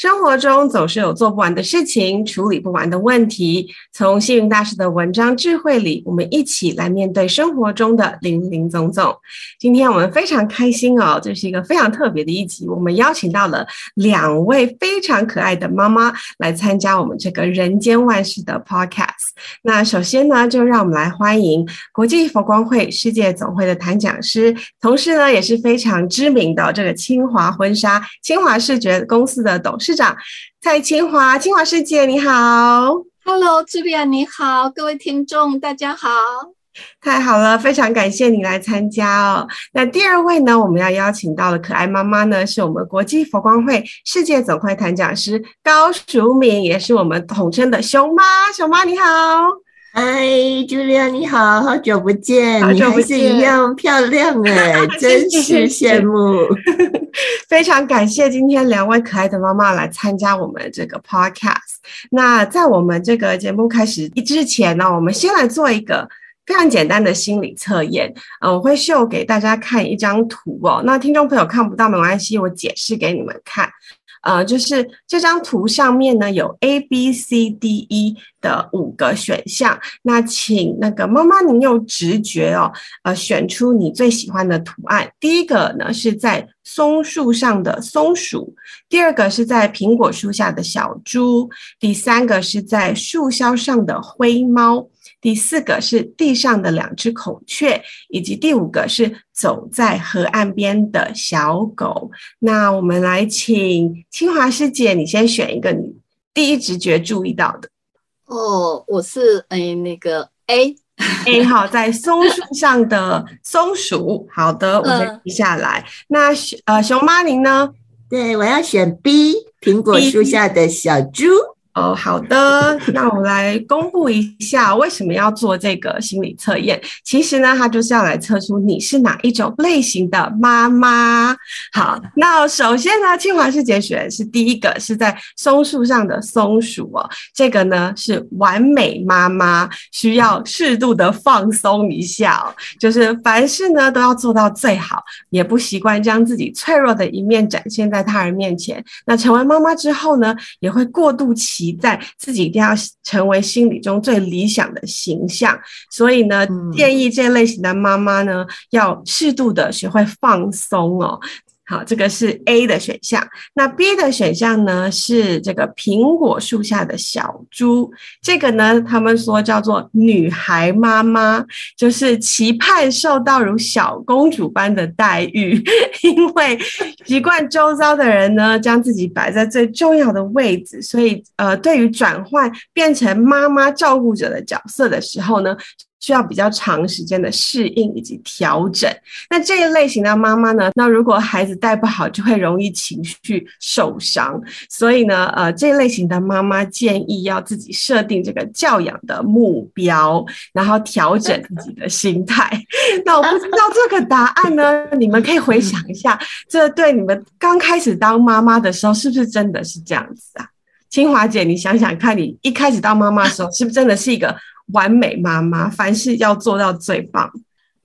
生活中總是有做不完的事情，處理不完的問題。從星雲大師的文章智慧裡，我們一起來面對生活中的林林總總。今天我們非常開心哦，這是一個非常特別的一集。我們邀請到了兩位非常可愛的媽媽來參加我們這個人間萬事的 podcast。那首先呢，就讓我們來歡迎國際佛光會世界總會的譚講師，同時呢，也是非常知名的這個清華婚紗、清華視覺公司的董事，市長蔡清華，清華師姐你好，Hello 朱莉你好，各位聽眾大家好，太好了，非常感謝你來參加哦。那第二位呢，我們要邀請到的可愛媽媽呢，是我們國際佛光會世界總會檀講師高淑敏，也是我們統稱的熊媽，熊媽你好。哎，Julia，你好，好久不見，好久不見，你還是一樣漂亮哎， 真是羨慕。 非常感謝今天兩位可愛的媽媽來參加我們這個 podcast。那在我們這個節目開始之前呢、啊，我們先來做一個非常簡單的心理測驗、呃。我會秀給大家看一張圖哦，那聽眾朋友看不到沒關係，我解釋給你們看。呃，就是這張圖上面呢，有 A B C D E 的五個選項，那請那個媽媽您用直覺哦，呃，選出你最喜歡的圖案。第一個呢是在松樹上的松鼠，第二個是在蘋果樹下的小豬，第三個是在樹梢上的灰貓。第四個是地上的兩隻孔雀，以及第五個是走在河岸邊的小狗。那我們來請清華師姐，你先選一個你第一直覺注意到的。哦，我是誒、哎、那個 A，A 好，在松樹上的松鼠。好的，我們接下來。呃，那熊，呃，熊媽您呢？對，我要選 B，蘋果樹下的小豬。哦，好的，那我來公布一下為什麼要做這個心理測驗。其實呢，它就是要來測出你是哪一種類型的媽媽。好，那首先呢，《清華世界選》是第一個，是在松樹上的松鼠哦。這個呢是完美媽媽，需要適度的放鬆一下哦。就是凡事呢都要做到最好，也不習慣將自己脆弱的一面展現在他人面前。那成為媽媽之後呢，也會過度期。在自己一定要成為心理中最理想的形象，所以呢，建議這類型的媽媽呢，要適度的學會放鬆哦。好，這個是 A 的選項。那 B 的選項呢？是這個蘋果樹下的小豬。這個呢，他們說叫做女孩媽媽，就是期盼受到如小公主般的待遇，因為習慣周遭的人呢，將自己擺在最重要的位置，所以呃，對於轉換變成媽媽照顧者的角色的時候呢。需要比較長時間的適應以及調整。那這一類型的媽媽呢，那如果孩子帶不好，就會容易情緒受傷。所以呢，呃，這一類型的媽媽建議要自己設定這個教養的目標，然後調整自己的心態。那我不知道這個答案呢， 你們可以回想一下，這對你們剛開始當媽媽的時候是不是真的是這樣子啊？清華姐，你想想看，你一開始當媽媽的時候是不是真的是一個完美媽媽，凡事要做到最棒。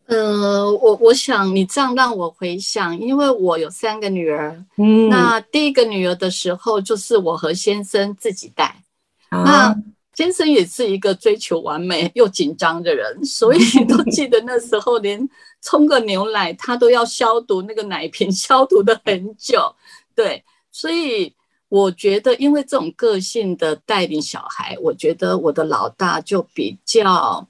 呃，我我想你這樣讓我回想，因為我有三個女兒。嗯，那第一個女兒的時候，就是我和先生自己帶。啊，那先生也是一個追求完美又緊張的人，所以都記得那時候連沖個牛奶，他都要消毒那個奶瓶，消毒的很久。對，所以。我覺得，因為這種個性的帶領小孩，我覺得我的老大就比較，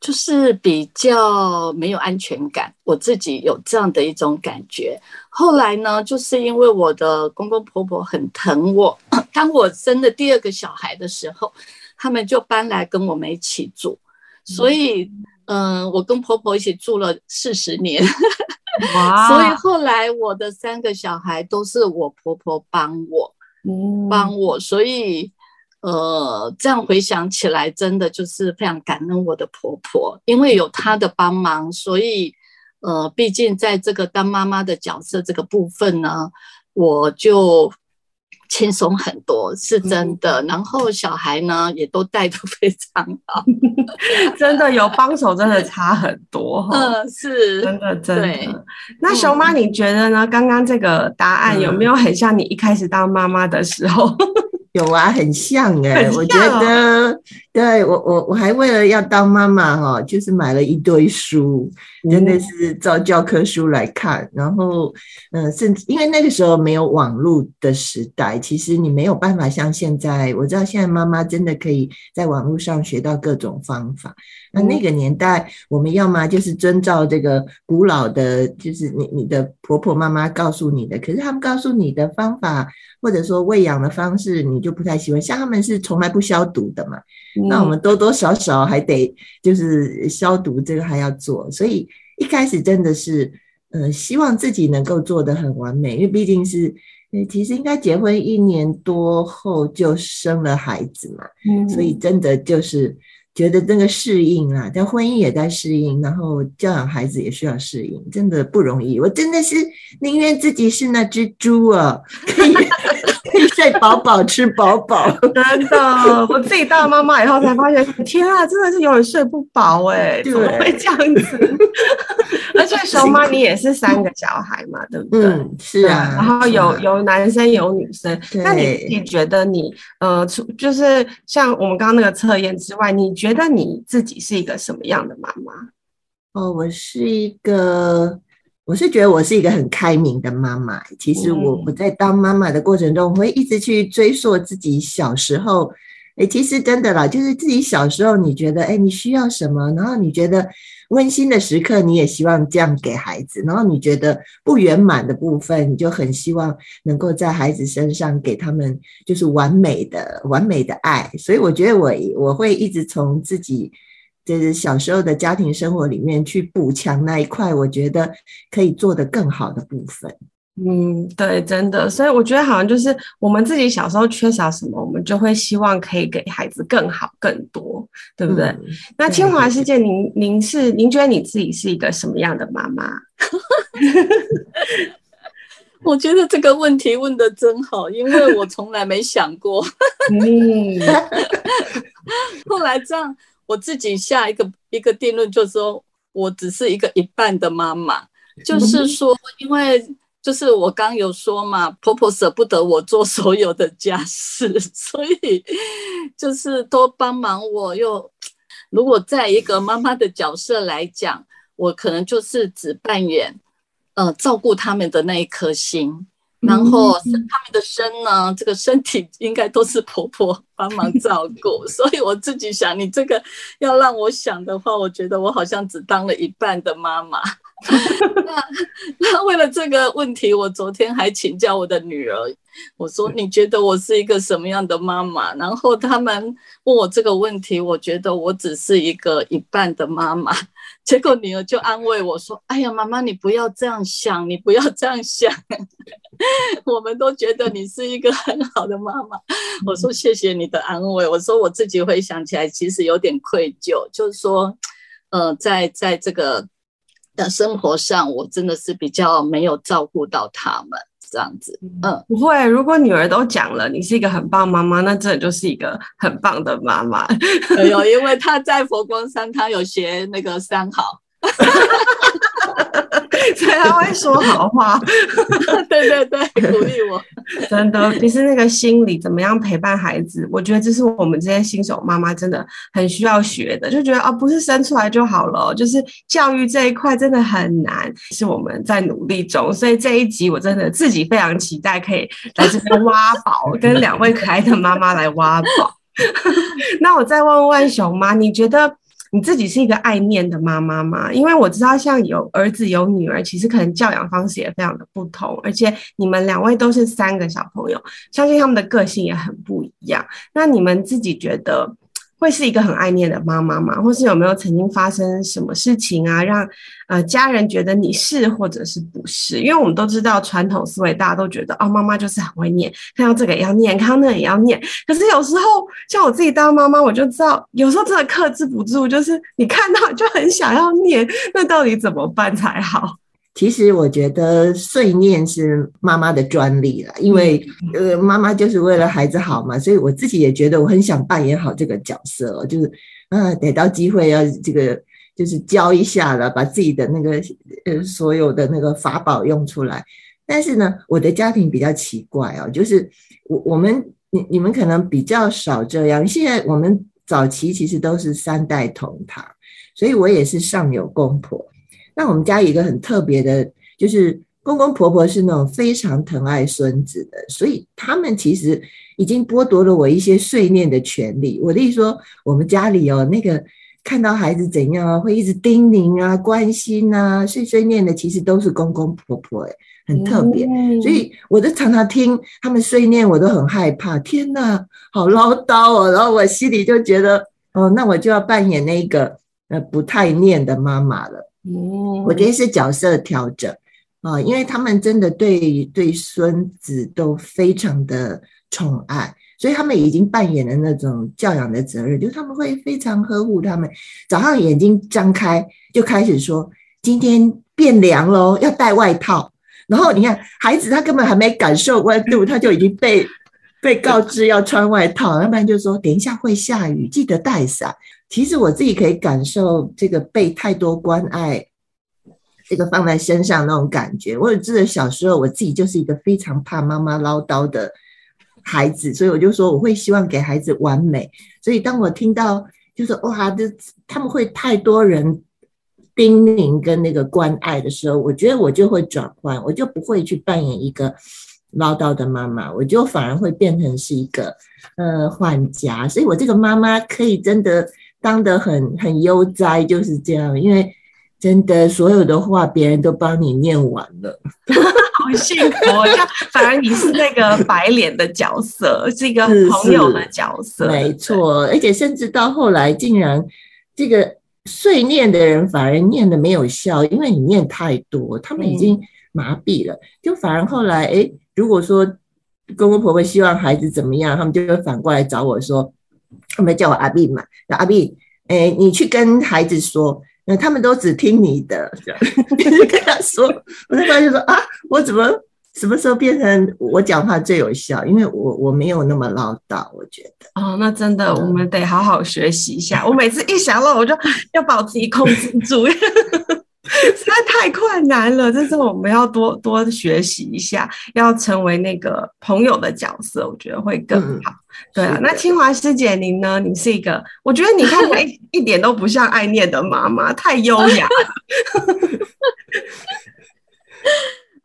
就是比較沒有安全感。我自己有這樣的一種感覺。後來呢，就是因為我的公公婆婆很疼我，當我生的第二個小孩的時候，他們就搬來跟我們一起住。所以，嗯、呃，我跟婆婆一起住了四十年。哇 所以後來我的三個小孩都是我婆婆幫我。嗯，幫我，所以，呃，這樣回想起來，真的就是非常感恩我的婆婆，因為有她的幫忙，所以，呃，畢竟在這個當媽媽的角色這個部分呢，我就輕鬆很多，是真的。嗯、然後小孩呢，也都帶得非常好， 真的有幫手，真的差很多。嗯、呃，是，真的，真的。對那熊媽，你覺得呢？剛剛、嗯、這個答案有沒有很像你一開始當媽媽的時候？嗯、 有啊，很像哎、欸，很像哦、我覺得。對，我我我還為了要當媽媽哈，就是買了一堆書，真的是照教科書來看，然後嗯，甚至因為那個時候沒有網絡的時代，其實你沒有辦法像現在。我知道現在媽媽真的可以在網絡上學到各種方法，那那個年代我們要麼就是遵照這個古老的，就是你你的婆婆媽媽告訴你的，可是他們告訴你的方法或者說餵養的方式，你就不太喜歡，像他們是從來不消毒的嘛。那我們多多少少還得就是消毒，這個還要做，所以一開始真的是，呃，希望自己能夠做得很完美，因為畢竟是，其實應該結婚一年多後就生了孩子嘛，所以真的就是。覺得這個適應啊，但婚姻也在適應，然後教養孩子也需要適應，真的不容易。我真的是寧願自己是那隻豬啊，可以， 可以睡飽飽，吃飽飽。真的，我自己當了媽媽以後才發現，天啊，真的是永遠睡不飽哎、欸，對怎麼會這樣子？ 而且熊媽，你也是三個小孩嘛，對不對？嗯、是啊。然後有、啊、有男生有女生，那對你自己覺得你呃，就是像我們剛剛那個測驗之外，你覺得？覺得你自己是一個什麼樣的媽媽？哦，我是一個，我是覺得我是一個很開明的媽媽。其實我我在當媽媽的過程中，我會一直去追溯自己小時候。欸，其實真的啦，就是自己小時候，你覺得，欸，你需要什麼，然後你覺得。溫馨的時刻，你也希望這樣給孩子，然後你覺得不圓滿的部分，你就很希望能夠在孩子身上給他們就是完美的、完美的愛。所以我覺得我我會一直從自己就是小時候的家庭生活裡面去補強那一塊，我覺得可以做得更好的部分。嗯，對，真的，所以我覺得好像就是我們自己小時候缺少什麼，我們就會希望可以給孩子更好、更多，對不對？嗯、那清華世界，對對對您您是，您覺得你自己是一個什麼樣的媽媽？ 我覺得這個問題問得真好，因為我從來沒想過。嗯 後來這樣，我自己下一個一個定論就是說，我只是一個一半的媽媽，就是說，因為。嗯就是我剛有說嘛，婆婆捨不得我做所有的家事，所以就是多幫忙我。又如果在一個媽媽的角色來講，我可能就是只扮演呃照顧他們的那一顆心，嗯嗯嗯然後他們的身呢，這個身體應該都是婆婆幫忙照顧。 所以我自己想，你這個要讓我想的話，我覺得我好像只當了一半的媽媽。 那那為了這個問題，我昨天還請教我的女兒，我說你覺得我是一個什麼樣的媽媽？然後他們問我這個問題，我覺得我只是一個一半的媽媽。結果女兒就安慰我說：“哎呀，媽媽你不要這樣想，你不要這樣想， 我們都覺得你是一個很好的媽媽。”我說謝謝你的安慰。我說我自己回想起來，其實有點愧疚，就是說，呃，在在這個。在生活上，我真的是比較沒有照顧到他們這樣子。嗯，不會，如果女兒都講了，你是一個很棒媽媽，那這就是一個很棒的媽媽。沒有、哎，因為她在佛光山，她有學那個三好。 所以他會說好話， 對對對，鼓勵我。真的，其實那個心理怎麼樣陪伴孩子，我覺得這是我們這些新手媽媽真的很需要學的。就覺得啊，不是生出來就好了，就是教育這一塊真的很難，是我們在努力中。所以這一集我真的自己非常期待，可以來這邊挖寶， 跟兩位可愛的媽媽來挖寶。 那我再問問熊媽，你覺得？你自己是一個愛唸的媽媽嗎？因為我知道，像有兒子有女兒，其實可能教養方式也非常的不同。而且你們兩位都是三個小朋友，相信他們的個性也很不一樣。那你們自己覺得？會是一個很愛念的媽媽嗎？或是有沒有曾經發生什麼事情啊，讓呃，家人覺得你是或者是不是？因為我們都知道傳統思維，大家都覺得哦，媽媽就是很會念，看到這個也要念，看到那個也要念。可是有時候像我自己當媽媽，我就知道有時候真的克制不住，就是你看到就很想要念，那到底怎麼辦才好？其實我覺得碎念是媽媽的專利了，因為呃，媽媽就是為了孩子好嘛，所以我自己也覺得我很想扮演好這個角色，哦，就是嗯、呃，逮到機會要這個就是教一下了，把自己的那個呃所有的那個法寶用出來。但是呢，我的家庭比較奇怪哦，就是我我們你你們可能比較少這樣。現在我們早期其實都是三代同堂，所以我也是上有公婆。那我們家有一個很特別的，就是公公婆婆是那種非常疼愛孫子的，所以他們其實已經剝奪了我一些碎念的權利。我的意思說，我們家裡哦、喔，那個看到孩子怎樣啊，會一直叮嚀啊、關心啊、碎碎念的，其實都是公公婆婆、欸，哎，很特別。嗯、所以我就常常聽他們碎念，我都很害怕。天哪，好嘮叨哦、喔，然後我心裡就覺得，哦，那我就要扮演那個呃不太念的媽媽了。哦，我覺得是角色調整啊、哦，因為他們真的對對孫子都非常的寵愛，所以他們已經扮演了那種教養的責任，就是他們會非常呵護他們。早上眼睛張開就開始說：“今天變涼嘍，要帶外套。”然後你看孩子，他根本還沒感受溫度，他就已經被被告知要穿外套。要不然就說：“等一下會下雨，記得帶傘。”其實我自己可以感受這個被太多關愛，這個放在身上那種感覺。我也記得小時候我自己就是一個非常怕媽媽嘮叨的孩子，所以我就說我會希望給孩子完美。所以當我聽到就是哇，就、哦、他，他們會太多人叮嚀跟那個關愛的時候，我覺得我就會轉換，我就不會去扮演一個嘮叨的媽媽，我就反而會變成是一個呃換家，所以我這個媽媽可以真的。當得很很悠哉，就是這樣。因為真的，所有的話別人都幫你念完了， 好幸福啊，哦！他反而你是那個白臉的角色， 是一個朋友的角色，沒錯。而且甚至到後來，竟然這個碎念的人反而念的沒有效，因為你念太多，他們已經麻痹了。嗯、就反而後來，誒、欸，如果說公公婆婆希望孩子怎麼樣，他們就會反過來找我說。他們叫我阿碧嘛，那阿碧，誒、欸，你去跟孩子說，那他們都只聽你的，去跟他說。我那時候就說啊，我怎麼什麼時候變成我講話最有效？因為我我沒有那麼嘮叨，我覺得。哦，那真的，嗯、我們得好好學習一下。我每次一想到我就要把自己控制住。 實在太困難了，就是我們要多多學習一下，要成為那個朋友的角色，我覺得會更好。嗯、對啊，的那清華師姐您呢？你是一個，我覺得你看我一一點都不像愛唸的媽媽， 太優雅了。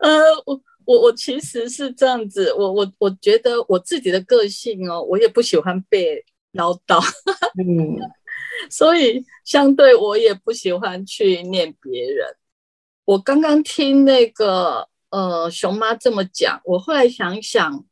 呃，我我我其實是這樣子，我我我覺得我自己的個性哦，我也不喜歡被嘮叨。 嗯。所以，相對我也不喜歡去念別人。我剛剛聽那個呃熊媽這麼講，我後來想一想，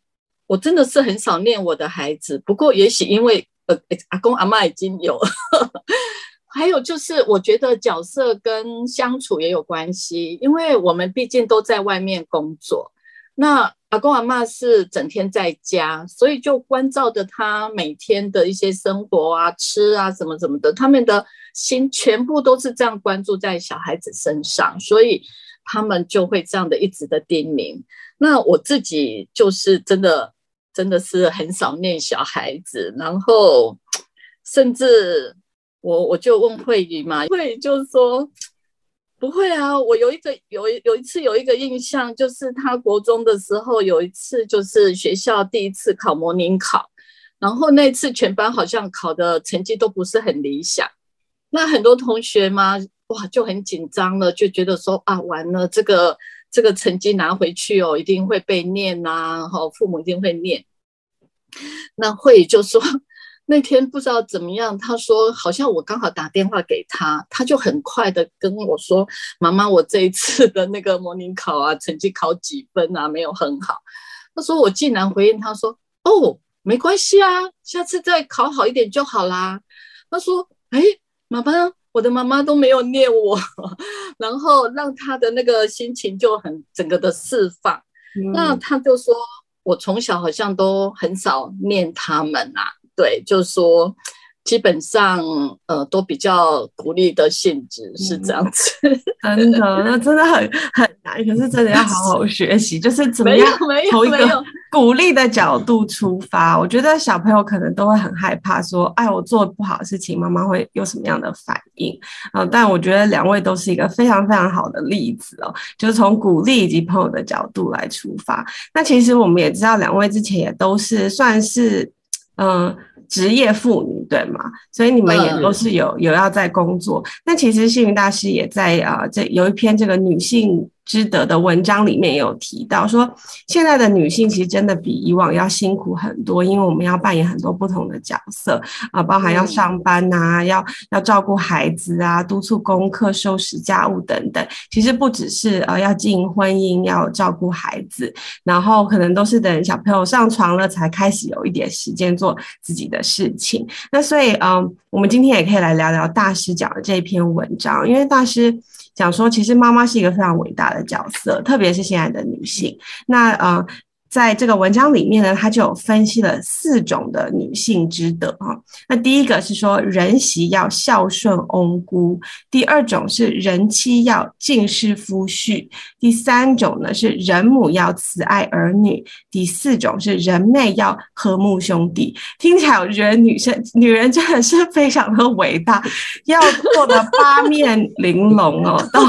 我真的是很少念我的孩子。不過，也許因為呃阿公阿嬤已經有了， 還有就是我覺得角色跟相處也有關係，因為我們畢竟都在外面工作。那阿公阿媽是整天在家，所以就關照着他每天的一些生活啊、吃啊、什麼什麼的，他們的心全部都是這樣關注在小孩子身上，所以他們就會這樣的一直的叮嚀。那我自己就是真的，真的是很少念小孩子，然後甚至我我就問慧宜嘛，慧宜就說。不會啊，我有一個有有一次有一個印象，就是他國中的時候有一次就是學校第一次考模擬考，然後那次全班好像考的成績都不是很理想，那很多同學嘛，哇就很緊張了，就覺得說啊完了，這個這個成績拿回去哦一定會被念吶啊，然後父母一定會念，那慧也就說。那天不知道怎麼樣，他說好像我剛好打電話給他，他就很快的跟我說：“媽媽，我這一次的那個模擬考啊，成績考幾分啊？沒有很好。”他說我竟然回應他說：“哦，oh, 沒關係啊，下次再考好一點就好啦。”他說：“哎，媽、欸、媽，我的媽媽都沒有念我， 然後讓他的那個心情就很整個的釋放。嗯、那他就說我從小好像都很少念他們啊。”對，就是說，基本上，呃，都比較鼓勵的性質是這樣子，嗯、真的，那真的很很難，可是真的要好好學習， 就是怎麼樣從一個鼓勵的角度出發。我覺得小朋友可能都會很害怕，說，哎，我做不好的事情，媽媽會有什麼樣的反應啊？呃，但我覺得兩位都是一個非常非常好的例子哦，就是從鼓勵以及朋友的角度來出發。那其實我們也知道，兩位之前也都是算是。嗯，職、呃、業婦女對嗎？所以你們也都是有有要在工作，那、嗯、其實星雲大師也在啊、呃，這有一篇這個女性。知得的文章裡面也有提到，說現在的女性其實真的比以往要辛苦很多，因為我們要扮演很多不同的角色啊、呃，包含要上班吶、啊，要要照顧孩子啊，督促功課、收拾家務等等。其實不只是呃要經營婚姻，要照顧孩子，然後可能都是等小朋友上床了才開始有一點時間做自己的事情。那所以，嗯、呃，我們今天也可以來聊聊大師講的這篇文章，因為大師。講說，其實媽媽是一個非常偉大的角色，特別是現在的女性。那呃。在這個文章裡面呢，他就分析了四種的女性之德啊。那第一個是說，人媳要孝順翁姑；第二種是人妻要敬事夫婿；第三種呢是人母要慈愛兒女；第四種是人妹要和睦兄弟。聽起來我覺得女生女人真的是非常的偉大，要做的八面玲瓏哦，都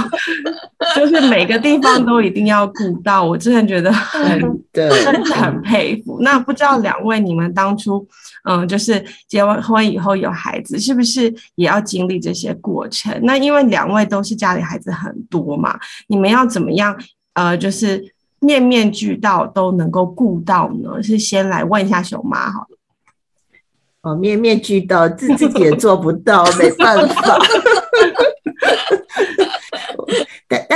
就是每個地方都一定要顧到。我真的覺得很。 真的 很佩服。那不知道兩位，你們當初，嗯、呃，就是結完婚以後有孩子，是不是也要經歷這些過程？那因為兩位都是家裡孩子很多嘛，你們要怎麼樣，呃，就是面面俱到都能夠顧到呢？是先來問一下熊媽好了，哦，面面俱到，自己也做不到， 沒辦法。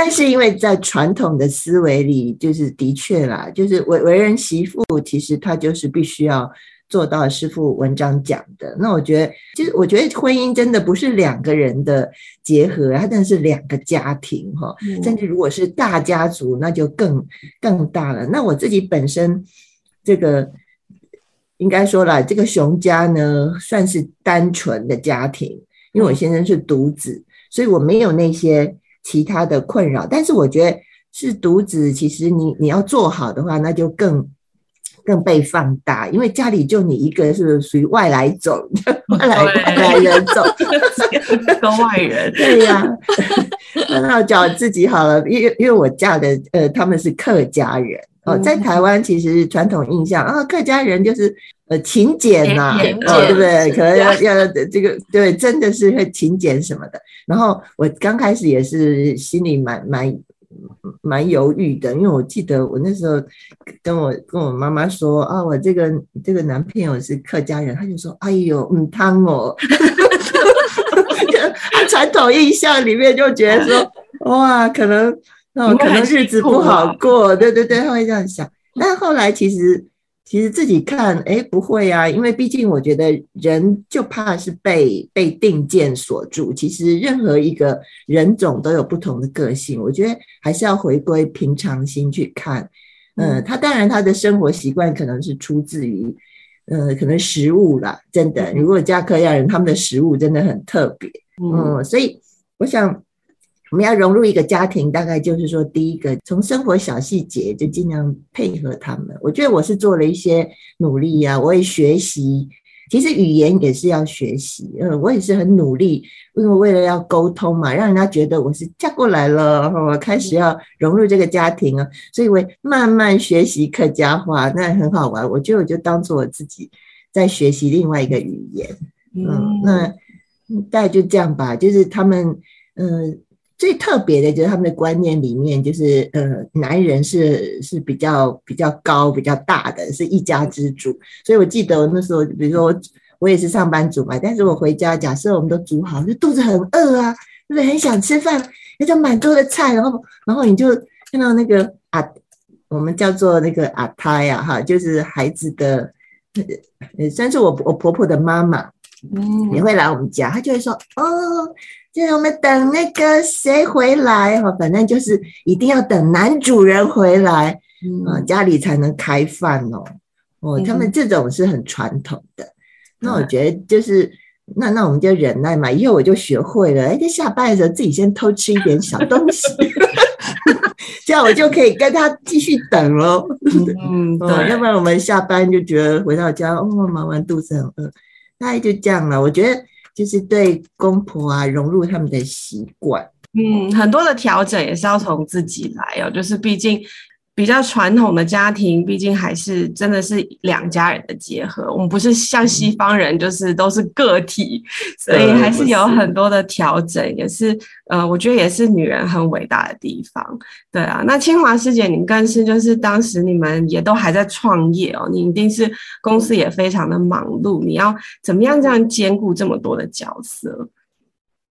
但是因為在傳統的思維裡，就是的確啦，就是為為人媳婦，其實她就是必須要做到師父文章講的。那我覺得，其實我覺得婚姻真的不是兩個人的結合，它真的是兩個家庭哈。甚至如果是大家族，那就更更大了。那我自己本身這個應該說啦，這個熊家呢算是單純的家庭，因為我先生是獨子，所以我沒有那些。其他的困擾，但是我覺得是獨子，其實你你要做好的話，那就更更被放大，因為家裡就你一個，是屬於外來種，對外來外來人種，跟外人， 對呀、啊，那我叫自己好了，因為因為我嫁的呃，他們是客家人。哦，在台灣其實傳統印象啊，客家人就是呃勤儉吶，對不對？可能要對、啊、要這個對，真的是會勤儉什麼的。然後我剛開始也是心裡蠻蠻蠻，蠻猶豫的，因為我記得我那時候跟我跟我媽媽說啊，我這個這個男朋友是客家人，她就說，哎呦，嗯，湯哦， 傳統印象裡面就覺得說，哇，可能。哦，嗯、可能日子不好過，對對對，他會這樣想。但後來其實，其實自己看，哎、欸，不會啊，因為畢竟我覺得人就怕是被被定見鎖住。其實，任何一個人種都有不同的個性，我覺得還是要回歸平常心去看。呃、嗯，他當然他的生活習慣可能是出自於，呃，可能食物啦，真的。如果加科亞人、嗯、他們的食物真的很特別，嗯，嗯所以我想。我們要融入一個家庭，大概就是說，第一個從生活小細節就儘量配合他們。我覺得我是做了一些努力啊，我也學習，其實語言也是要學習。嗯、呃，我也是很努力，因為為了要溝通嘛，讓人家覺得我是嫁過來了，然後我開始要融入這個家庭啊，所以我慢慢學習客家話，那很好玩。我覺得我就當做我自己在學習另外一個語言。嗯，那大概就這樣吧，就是他們，嗯、呃。最特別的就是他們的觀念裡面，就是呃，男人是是比較比較高、比較大的，是一家之主。所以我記得我那時候，比如說我我也是上班族嘛，但是我回家，假設我們都煮好，就肚子很餓啊，就是很想吃飯，那就蠻多的菜，然後然後你就看到那個啊，我們叫做那個阿太呀，哈，就是孩子的，雖然是我我婆婆的媽媽，嗯，也會來我們家，她就會說，哦。就是我們等那個誰回來哈，反正就是一定要等男主人回來，嗯，家裡才能開飯哦。哦，他們這種是很傳統的。嗯、那我覺得就是，那那我們就忍耐嘛。以後我就學會了，哎、欸，在下班的時候自己先偷吃一點小東西， 這樣我就可以跟他繼續等咯。嗯，對，要不然我們下班就覺得回到家，哦，媽媽肚子很餓，大概就這樣了。我覺得。就是對公婆啊，融入他們的習慣，嗯，很多的調整也是要從自己來哦，就是畢竟。比較傳統的家庭，畢竟還是真的是兩家人的結合。我們不是像西方人，嗯、就是都是個體，所以還是有很多的調整，是也是呃，我覺得也是女人很偉大的地方。對啊，那清華師姐，您更是就是當時你們也都還在創業哦，你一定是公司也非常的忙碌，你要怎麼樣這樣兼顧這麼多的角色？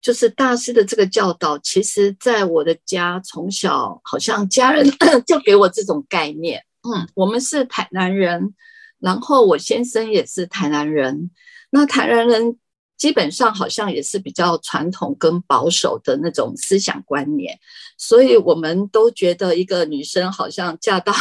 就是大師的這個教導，其實，在我的家，從小好像家人 就給我這種概念。嗯，我們是台南人，然後我先生也是台南人。那台南人基本上好像也是比較傳統跟保守的那種思想觀念，所以我們都覺得一個女生好像嫁到，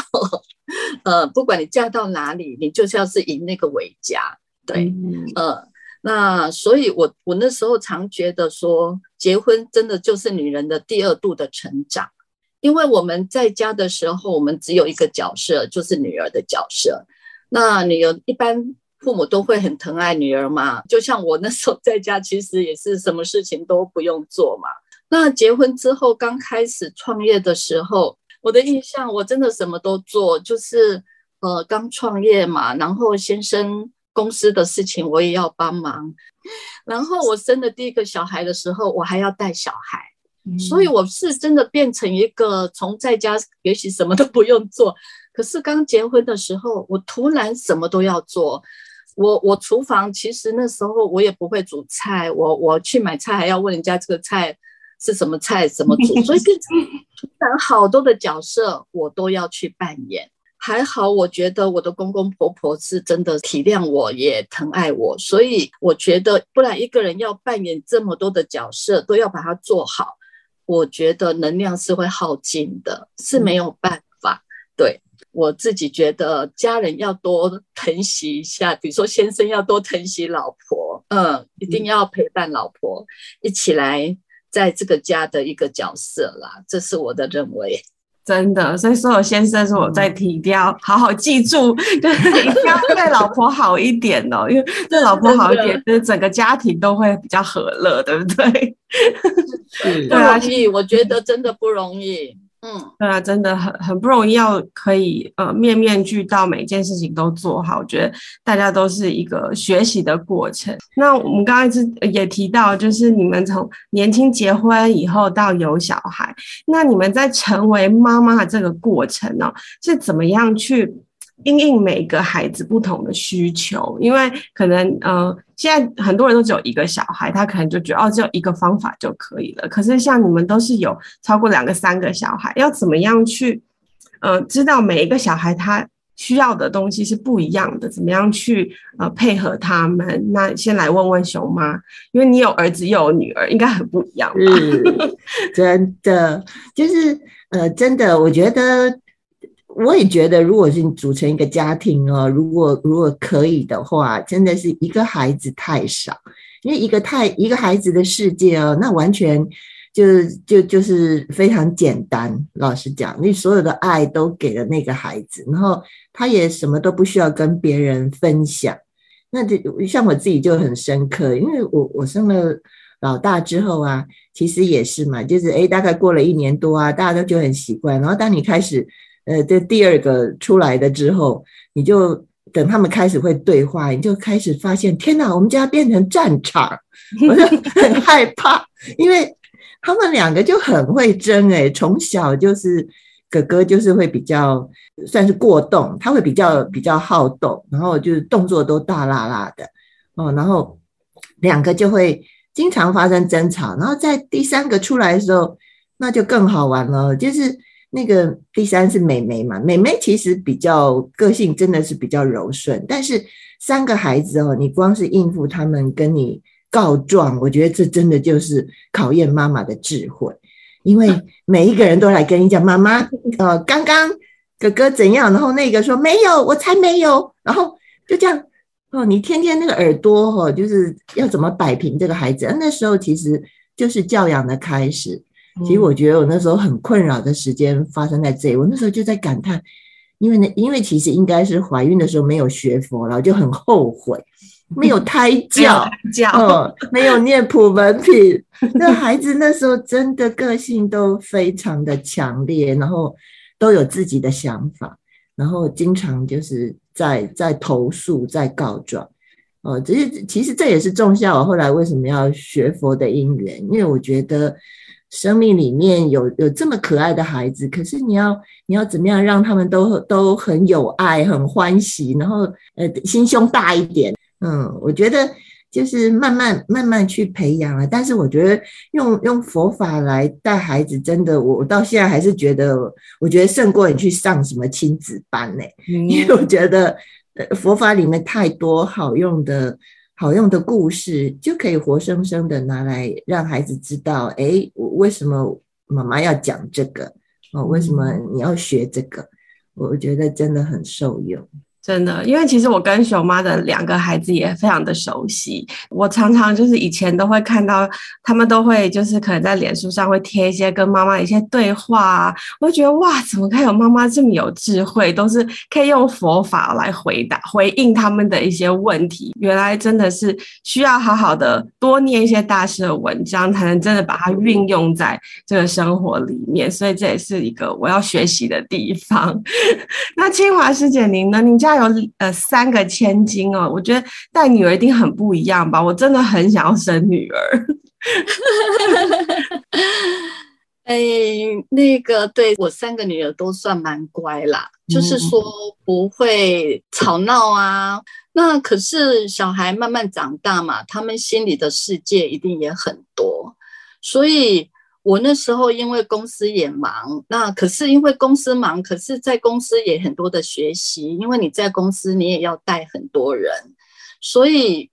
呃，不管你嫁到哪裡，你就是要是以那個為家。對，嗯呃那所以我，我我那時候常覺得說，結婚真的就是女人的第二度的成長，因為我們在家的時候，我們只有一個角色，就是女兒的角色。那你有一般父母都會很疼愛女兒嘛，就像我那時候在家，其實也是什麼事情都不用做嘛。那結婚之後，剛開始創業的時候，我的印象，我真的什麼都做，就是呃，剛創業嘛，然後先生。公司的事情我也要幫忙，然後我生的第一個小孩的時候，我還要帶小孩，所以我是真的變成一個從在家也許什麼都不用做，可是剛結婚的時候，我突然什麼都要做。我我廚房其實那時候我也不會煮菜，我我去買菜還要問人家這個菜是什麼菜怎麼煮，所以突然好多的角色我都要去扮演。還好，我覺得我的公公婆婆是真的體諒我，也疼愛我，所以我覺得不然一個人要扮演這麼多的角色，都要把它做好，我覺得能量是會耗盡的，是沒有辦法。嗯。對，我自己覺得，家人要多疼惜一下，比如說先生要多疼惜老婆，嗯，一定要陪伴老婆一起來在這個家的一個角色啦，這是我的認為。真的，所以所有先生，說我在提，嗯、一定要好好記住，對、就是，一定要對老婆好一點哦， 因為對老婆好一點，的就是整個家庭都會比較和樂，對不對？是 對、啊。所以我覺得真的不容易。嗯，對啊，真的很很不容易，要可以呃面面俱到，每件事情都做好。我覺得大家都是一個學習的過程。那我們剛才也，也提到，就是你們從年輕結婚以後到有小孩，那你們在成為媽媽這個過程呢、哦，是怎麼樣去？因應每個孩子不同的需求，因為可能呃，現在很多人都只有一個小孩，他可能就覺得哦，只有一個方法就可以了。可是像你們都是有超過兩個、三個小孩，要怎麼樣去呃，知道每一個小孩他需要的東西是不一樣的，怎麼樣去呃配合他們？那先來問問熊媽，因為你有兒子又有女兒，應該很不一樣吧？嗯，真的，就是呃，真的，我覺得。我也覺得，如果是組成一個家庭哦，如果如果可以的話，真的是一個孩子太少，因為一個太一個孩子的世界哦，那完全就就就是非常簡單。老實講，你所有的愛都給了那個孩子，然後他也什麼都不需要跟別人分享。那就像我自己就很深刻，因為我我生了老大之後啊，其實也是嘛，就是誒，大概過了一年多啊，大家都就很習慣，然後當你開始。呃，這第二個出來的之後，你就等他們開始會對話，你就開始發現，天哪，我們家變成戰場，我就很害怕， 因為他們兩個就很會爭哎、欸，從小就是哥哥就是會比較算是過動，他會比較比較好動，然後就是動作都大辣辣的哦，然後兩個就會經常發生爭吵，然後在第三個出來的時候，那就更好玩了，就是。那個第三是妹妹嘛，妹妹其實比較個性，真的是比較柔順。但是三個孩子哦，你光是應付他們跟你告狀，我覺得這真的就是考驗媽媽的智慧，因為每一個人都來跟你講媽媽，呃，剛剛哥哥怎樣，然後那個說沒有，我才沒有，然後就這樣哦，你天天那個耳朵吼，哦，就是要怎麼擺平這個孩子，啊，那時候其實就是教養的開始。其實我覺得我那時候很困擾的時間發生在這裡，我那時候就在感嘆，因為呢，因為其實應該是懷孕的時候沒有學佛，然後就很後悔，沒有胎教，教、哦，沒有唸普門品， 那孩子那時候真的個性都非常的強烈，然後都有自己的想法，然後經常就是在在投訴在告狀，是、哦、其實這也是種下我後來為什麼要學佛的因緣，因為我覺得。生命裡面有有這麼可愛的孩子，可是你要你要怎麼樣讓他們都都很有愛、很歡喜，然後呃心胸大一點。嗯，我覺得就是慢慢慢慢去培養啊。但是我覺得用用佛法來帶孩子，真的，我到現在還是覺得，我覺得勝過你去上什麼親子班呢，欸，嗯，因為我覺得，呃，佛法裡面太多好用的。好用的故事就可以活生生的拿來讓孩子知道，誒，為什麼媽媽要講這個？哦，為什麼你要學這個？我覺得真的很受用。真的，因為其實我跟熊媽的兩個孩子也非常的熟悉。我常常就是以前都會看到，他們都會就是可能在臉書上會貼一些跟媽媽一些對話啊，我就覺得哇，怎麼可以有媽媽這麼有智慧，都是可以用佛法來回答回應他們的一些問題。原來真的是需要好好的多念一些大師的文章，才能真的把它運用在這個生活裡面。所以這也是一個我要學習的地方。 那清華師姐您呢？您家有呃三個千金哦，我覺得帶女兒一定很不一樣吧。我真的很想要生女兒。 哎，那個對我三個女兒都算蠻乖啦，就是說不會吵鬧啊。嗯。那可是小孩慢慢長大嘛，他們心裡的世界一定也很多，所以。我那時候因為公司也忙，那可是因為公司忙，可是在公司也很多的學習，因為你在公司你也要帶很多人，所以，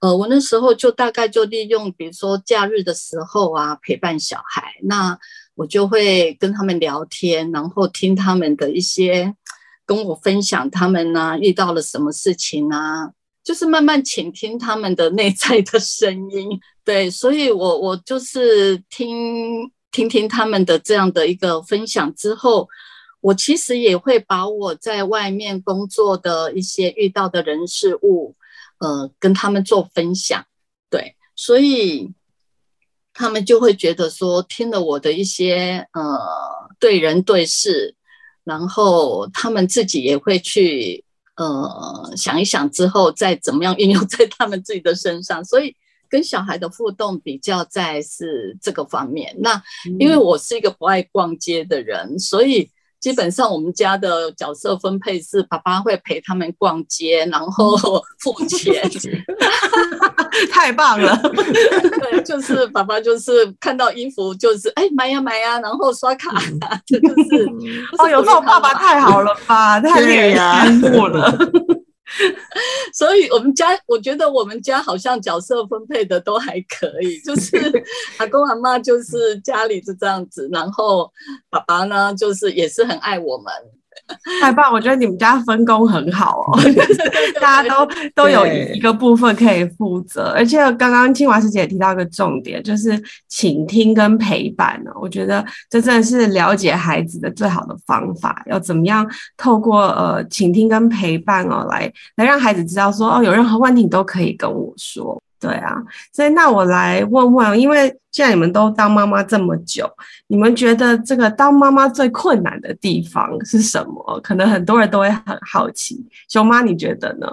呃，我那時候就大概就利用，比如說假日的時候啊，陪伴小孩，那我就會跟他們聊天，然後聽他們的一些跟我分享他們呢，啊，遇到了什麼事情啊，就是慢慢傾聽他們的內在的聲音。對，所以我，我我就是聽聽聽他們的這樣的一個分享之後，我其實也會把我在外面工作的一些遇到的人事物，呃，跟他們做分享。對，所以他們就會覺得說，聽了我的一些呃對人對事，然後他們自己也會去呃想一想之後再怎麼樣運用在他們自己的身上，所以。跟小孩的互動比較在是這個方面。那因為我是一個不愛逛街的人，嗯、所以基本上我們家的角色分配是爸爸會陪他們逛街，然後付錢。嗯、太棒了。對，就是爸爸就是看到衣服就是哎買呀買呀，然後刷卡，嗯嗯、這就是。嗯、哦，有時候爸爸太好了吧，太累了、啊。 所以，我們家我覺得我們家好像角色分配的都還可以，就是 阿公阿嬤就是家裡就這樣子，然後爸爸呢就是也是很愛我們。太棒！我覺得你們家分工很好哦，就是、大家都都有一個部分可以負責。而且剛剛清華師姐也提到一個重點，就是傾聽跟陪伴呢、哦。我覺得這真的是了解孩子的最好的方法。要怎麼樣透過呃傾聽跟陪伴哦，來來讓孩子知道說哦，有任何問題你都可以跟我說。對啊，所以那我來問問，因為既然你們都當媽媽這麼久，你們覺得這個當媽媽最困難的地方是什麼？可能很多人都會很好奇，熊媽，你覺得呢？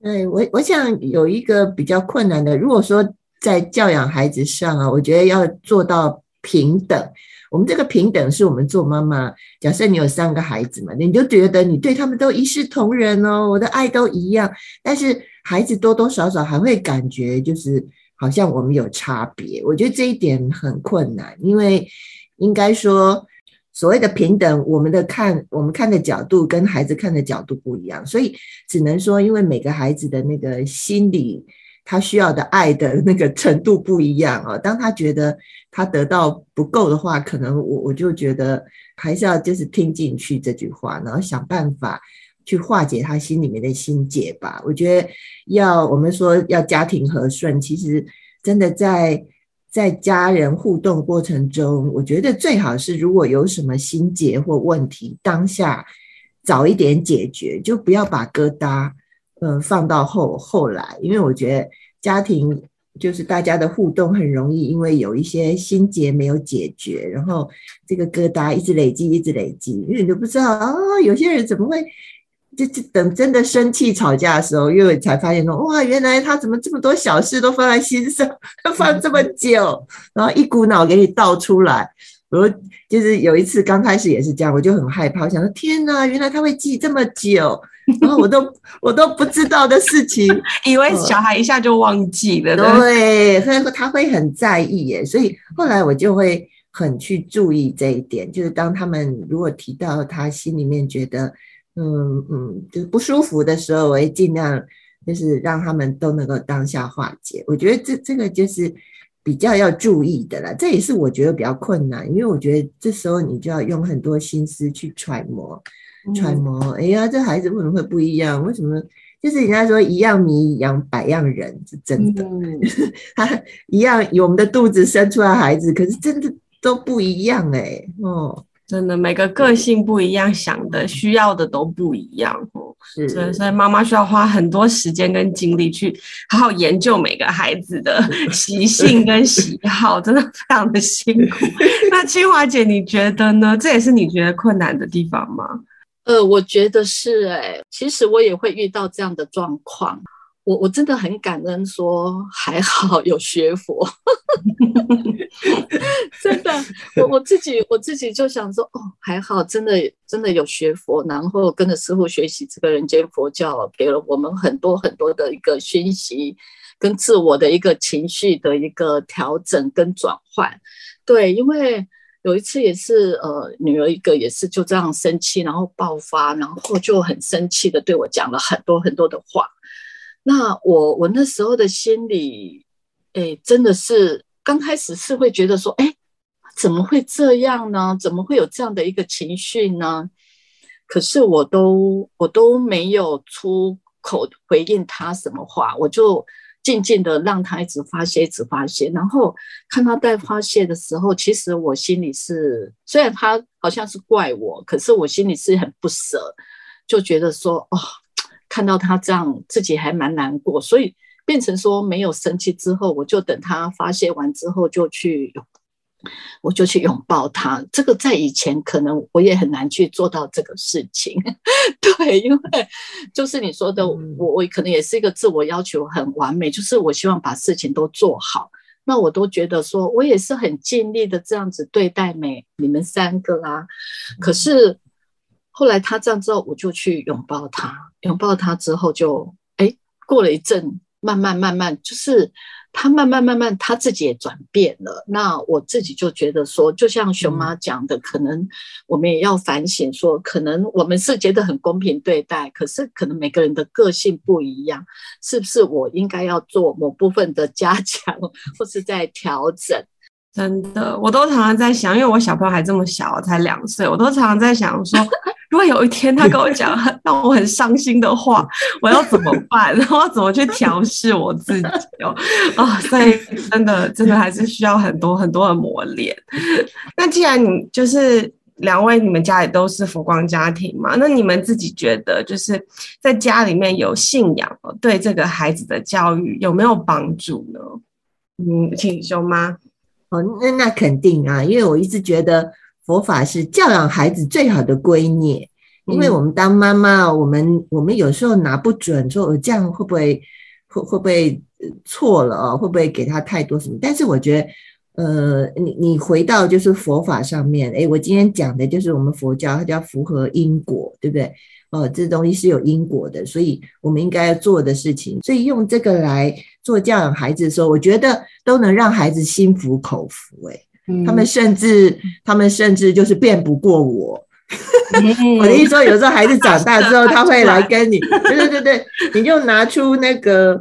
對，我，我想有一個比較困難的，如果說在教養孩子上啊，我覺得要做到平等。我們這個平等是我們做媽媽，假設你有三個孩子嘛，你就覺得你對他們都一視同仁哦，我的愛都一樣。但是孩子多多少少還會感覺就是好像我們有差別。我覺得這一點很困難，因為應該說所謂的平等，我們的看，我們看的角度跟孩子看的角度不一樣，所以只能說因為每個孩子的那個心理，他需要的愛的那個程度不一樣啊。當他覺得他得到不夠的話，可能我我就覺得還是要就是聽進去這句話，然後想辦法去化解他心裡面的心結吧。我覺得要我們說要家庭和順，其實真的在在家人互動過程中，我覺得最好是如果有什麼心結或問題，當下早一點解決，就不要把疙瘩。嗯，放到後後來，因為我覺得家庭就是大家的互動很容易，因為有一些心結沒有解決，然後這個疙瘩一直累積，一直累積，因為你都不知道啊、哦，有些人怎麼會就就等真的生氣吵架的時候，因為才發現說哇，原來他怎麼這麼多小事都放在心上，放這麼久，然後一股腦給你倒出來。我就、就是有一次剛開始也是這樣，我就很害怕，我想說天哪，原來他會記這麼久。 哦、我都我都不知道的事情， 以為小孩一下就忘記了。呃、對， 所以他會很在意耶。所以後來我就會很去注意這一點，就是當他們如果提到他心裡面覺得嗯嗯就是不舒服的時候，我會盡量就是讓他們都能夠當下化解。我覺得這這個就是比較要注意的啦，這也是我覺得比較困難，因為我覺得這時候你就要用很多心思去揣摩。揣摩，誒、嗯哎、呀，這孩子為什麼會不一樣？為什麼？就是人家說一樣米養百樣人，是真的。嗯、 他一樣用我們的肚子生出來孩子，可是真的都不一樣誒、欸、哦，真的，每個個性不一樣，嗯、想的、需要的都不一樣哦。是、嗯，所以媽媽需要花很多時間跟精力去好好研究每個孩子的習性跟喜好， 真的非常的辛苦。 那清華姐，你覺得呢？這也是你覺得困難的地方嗎？呃，我覺得是哎、欸，其實我也會遇到這樣的狀況，我我真的很感恩，說還好有學佛， 真的，我我自己我自己就想說，哦，還好，真的真的有學佛，然後跟着師父學習這個人間佛教，給了我們很多很多的一個訊息跟自我的一個情緒的一個調整跟轉換，對，因為。有一次也是呃，女兒一個也是就這樣生氣，然後爆發，然後就很生氣的對我講了很多很多的話。那我我那時候的心裡欸，真的是剛開始是會覺得說，欸，怎麼會這樣呢？怎麼會有這樣的一個情緒呢？可是我都我都沒有出口回應她什麼話，我就。靜靜的讓他一直發洩，一直發洩，然後看他在發洩的時候，其實我心裡是雖然他好像是怪我，可是我心裡是很不捨，就覺得說哦，看到他這樣，自己還蠻難過，所以變成說沒有生氣之後，我就等他發洩完之後就去。我就去擁抱他，這個在以前可能我也很難去做到這個事情，對，因為就是你說的，我我可能也是一個自我要求很完美，就是我希望把事情都做好，那我都覺得說我也是很盡力的這樣子對待每你們三個啦，可是後來他這樣之後，我就去擁抱他，擁抱他之後就誒過了一陣，慢慢慢慢就是。他慢慢慢慢，他自己也轉變了。那我自己就覺得說，就像熊媽講的，可能我們也要反省說，可能我們是覺得很公平對待，可是可能每個人的個性不一樣，是不是我應該要做某部分的加強，或是在調整？真的，我都常常在想，因為我小朋友還這麼小，才兩歲，我都常常在想說。 如果有一天他跟我講讓我很傷心的話，我要怎麼辦？我要怎麼去調適我自己？哦啊，所以真的真的還是需要很多很多的磨練。那既然你就是兩位，你們家也都是佛光家庭嘛，那你們自己覺得就是在家裡面有信仰，對這個孩子的教育有沒有幫助呢？嗯，請熊媽，哦、oh，那那肯定啊，因為我一直覺得。佛法是教養孩子最好的圭臬，因為我們當媽媽，我們我們有時候拿不準，說我這樣會不會會會不會錯了哦？會不會給他太多什麼？但是我覺得，呃，你你回到就是佛法上面，哎，我今天講的就是我們佛教它叫符合因果，對不對？呃這東西是有因果的，所以我們應該要做的事情，所以用這個來做教養孩子的時候，我覺得都能讓孩子心服口服，欸，哎。他們甚至，嗯、他們甚至就是辯不過我。 我的意思說，有時候孩子長大之後， 他會來跟你，對對對對，你就拿出那個，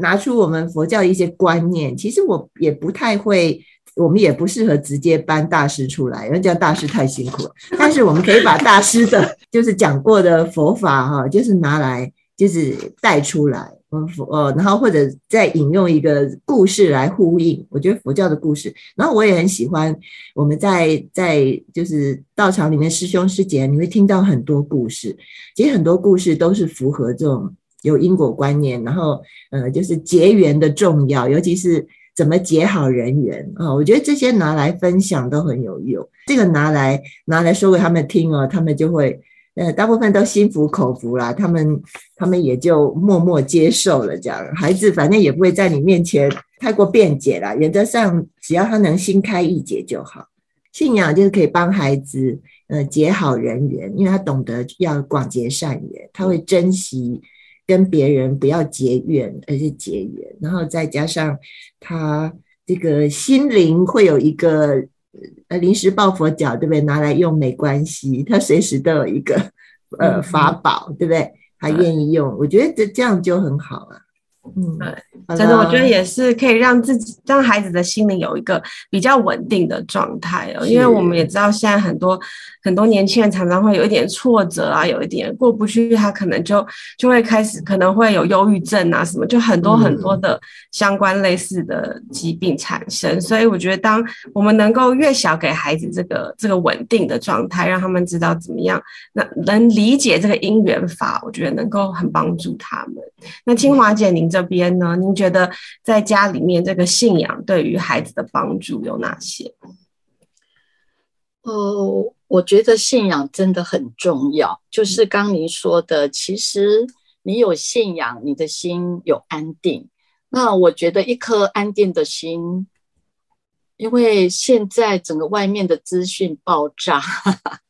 拿出我們佛教一些觀念。其實我也不太會，我們也不適合直接搬大師出來，因為這樣大師太辛苦了。但是我們可以把大師的，就是講過的佛法哈，就是拿來，就是帶出來。嗯，呃、哦，然後或者再引用一個故事來呼應，我覺得佛教的故事，然後我也很喜歡。我們在在就是道場裡面，師兄師姐，你會聽到很多故事。其實很多故事都是符合這種有因果觀念，然後呃，就是結緣的重要，尤其是怎麼結好人緣啊、哦。我覺得這些拿來分享都很有用。這個拿來拿來說給他們聽哦，他們就會。呃，大部分都心服口服啦，他們他們也就默默接受了這樣，孩子反正也不會在你面前太過辯解啦。原則上，只要他能心開意解就好。信仰就是可以幫孩子，呃，結好人緣，因為他懂得要廣結善緣，他會珍惜跟別人不要結怨，而是結緣。然後再加上他這個心靈會有一個。呃，臨時抱佛腳，對不對？拿來用沒關係，他隨時都有一個呃法寶，對不對？他願意用，嗯、我覺得這這樣就很好了、啊。嗯，對，其實 Hello? 我覺得也是可以讓自己讓孩子的心靈有一個比較穩定的狀態哦、啊，是因為我們也知道現在很多。很多年輕人常常會有一點挫折啊，有一點過不去，他可能就就會開始可能會有憂鬱症啊，什麼就很多很多的相關類似的疾病產生。嗯。所以我覺得，當我們能夠越小給孩子這個這個穩定的狀態，讓他們知道怎麼樣，那能理解這個因緣法，我覺得能夠很幫助他們。那清華姐，您這邊呢？您覺得在家裡面這個信仰對於孩子的幫助有哪些？哦、呃，我覺得信仰真的很重要。就是剛您說的，嗯、其實你有信仰，你的心有安定。那我覺得一顆安定的心，因為現在整個外面的資訊爆炸，哈哈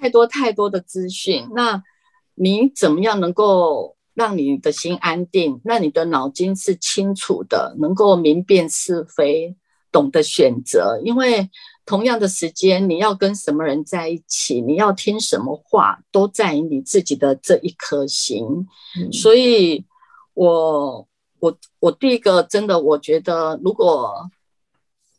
太多太多的資訊。那你怎麼樣能夠讓你的心安定？讓你的腦筋是清楚的，能夠明辨是非，懂得選擇。因為。同樣的時間，你要跟什麼人在一起，你要聽什麼話，都在於你自己的這一顆心。嗯、所以我，我我我第一個真的，我覺得，如果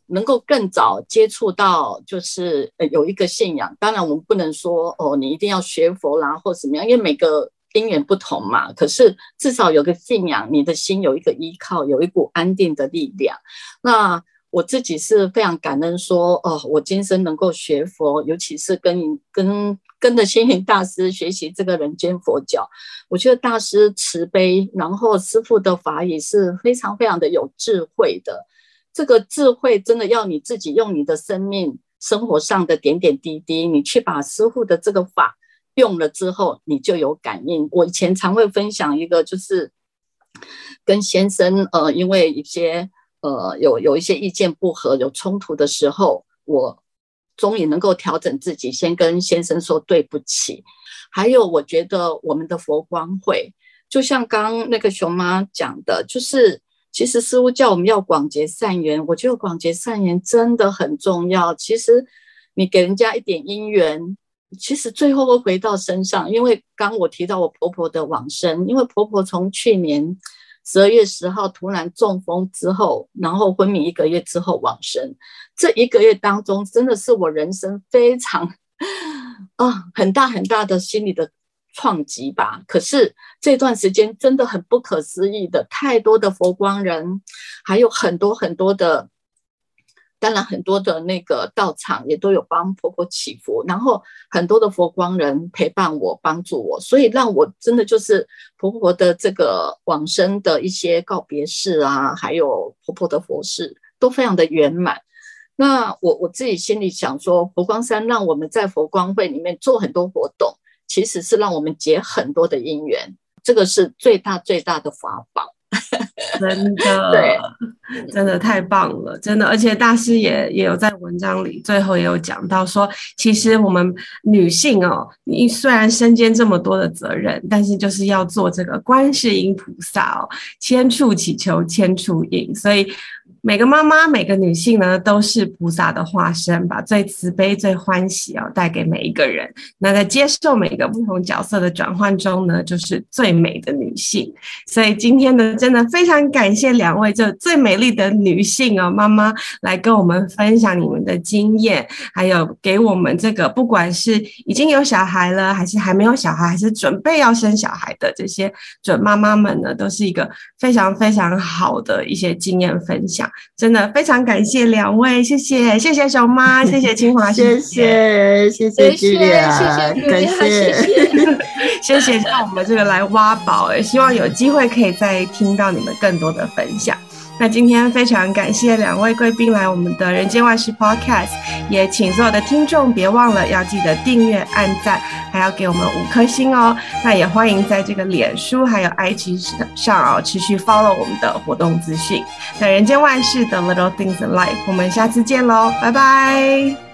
能夠更早接觸到，就是有一個信仰。當然，我們不能說哦，你一定要學佛啦，或怎麼樣？因為每個因緣不同嘛。可是至少有個信仰，你的心有一個依靠，有一股安定的力量。那。我自己是非常感恩說，說哦，我今生能夠學佛，尤其是跟跟跟着星雲大師學習這個人間佛教。我覺得大師慈悲，然後師父的法語是非常非常的有智慧的。這個智慧真的要你自己用你的生命、生活上的點點滴滴，你去把師父的這個法用了之後，你就有感應。我以前常會分享一個，就是跟先生，呃，因為一些。呃，有有一些意見不合，有衝突的時候，我終於能夠調整自己，先跟先生說對不起。還有，我覺得我們的佛光會，就像剛剛那個熊媽講的，就是其實師父叫我們要廣結善緣，我覺得廣結善緣真的很重要。其實你給人家一點因緣，其實最後會回到身上。因為剛我提到我婆婆的往生，因為婆婆從去年十二月十號突然中風之後，然後昏迷一個月之後往生，這一個月當中，真的是我人生非常啊、哦、很大很大的心理的衝擊吧。可是這段時間真的很不可思議的，太多的佛光人，還有很多很多的。當然，很多的那個道場也都有幫婆婆祈福，然後很多的佛光人陪伴我、幫助我，所以讓我真的就是婆婆的這個往生的一些告別式啊，還有婆婆的佛事都非常的圓滿。那我我自己心裡想說，佛光山讓我們在佛光會裡面做很多活動，其實是讓我們結很多的因緣，這個是最大最大的法寶。 真的，對真的太棒了，真的！而且大師也也有在文章裡最後也有講到說，其實我們女性哦，你雖然身兼這麼多的責任，但是就是要做這個觀世音菩薩哦，千處祈求千處應，所以。每個媽媽，每個女性呢，都是菩薩的化身，把最慈悲、最歡喜哦，帶給每一個人。那在接受每個不同角色的轉換中呢，就是最美的女性。所以今天呢，真的非常感謝兩位，這最美麗的女性哦，媽媽來跟我們分享你們的經驗，還有給我們這個，不管是已經有小孩了，還是還沒有小孩，還是準備要生小孩的這些準媽媽們呢，都是一個非常非常好的一些經驗分享。真的非常感謝兩位，謝謝謝謝熊媽，呵呵謝謝清華，謝謝謝謝謝謝，感謝謝謝，謝謝，讓我們這個來挖寶，哎， 希望有機會可以再聽到你們更多的分享。那今天非常感謝兩位貴賓來我們的人間萬事 Podcast，也請所有的聽眾別忘了要記得訂閱、按讚，還要給我們五顆星哦。那也歡迎在這個臉書還有 IG 上哦持續 follow 我們的活動資訊。那人間萬事 The little things in life，我們下次見嘍，拜拜。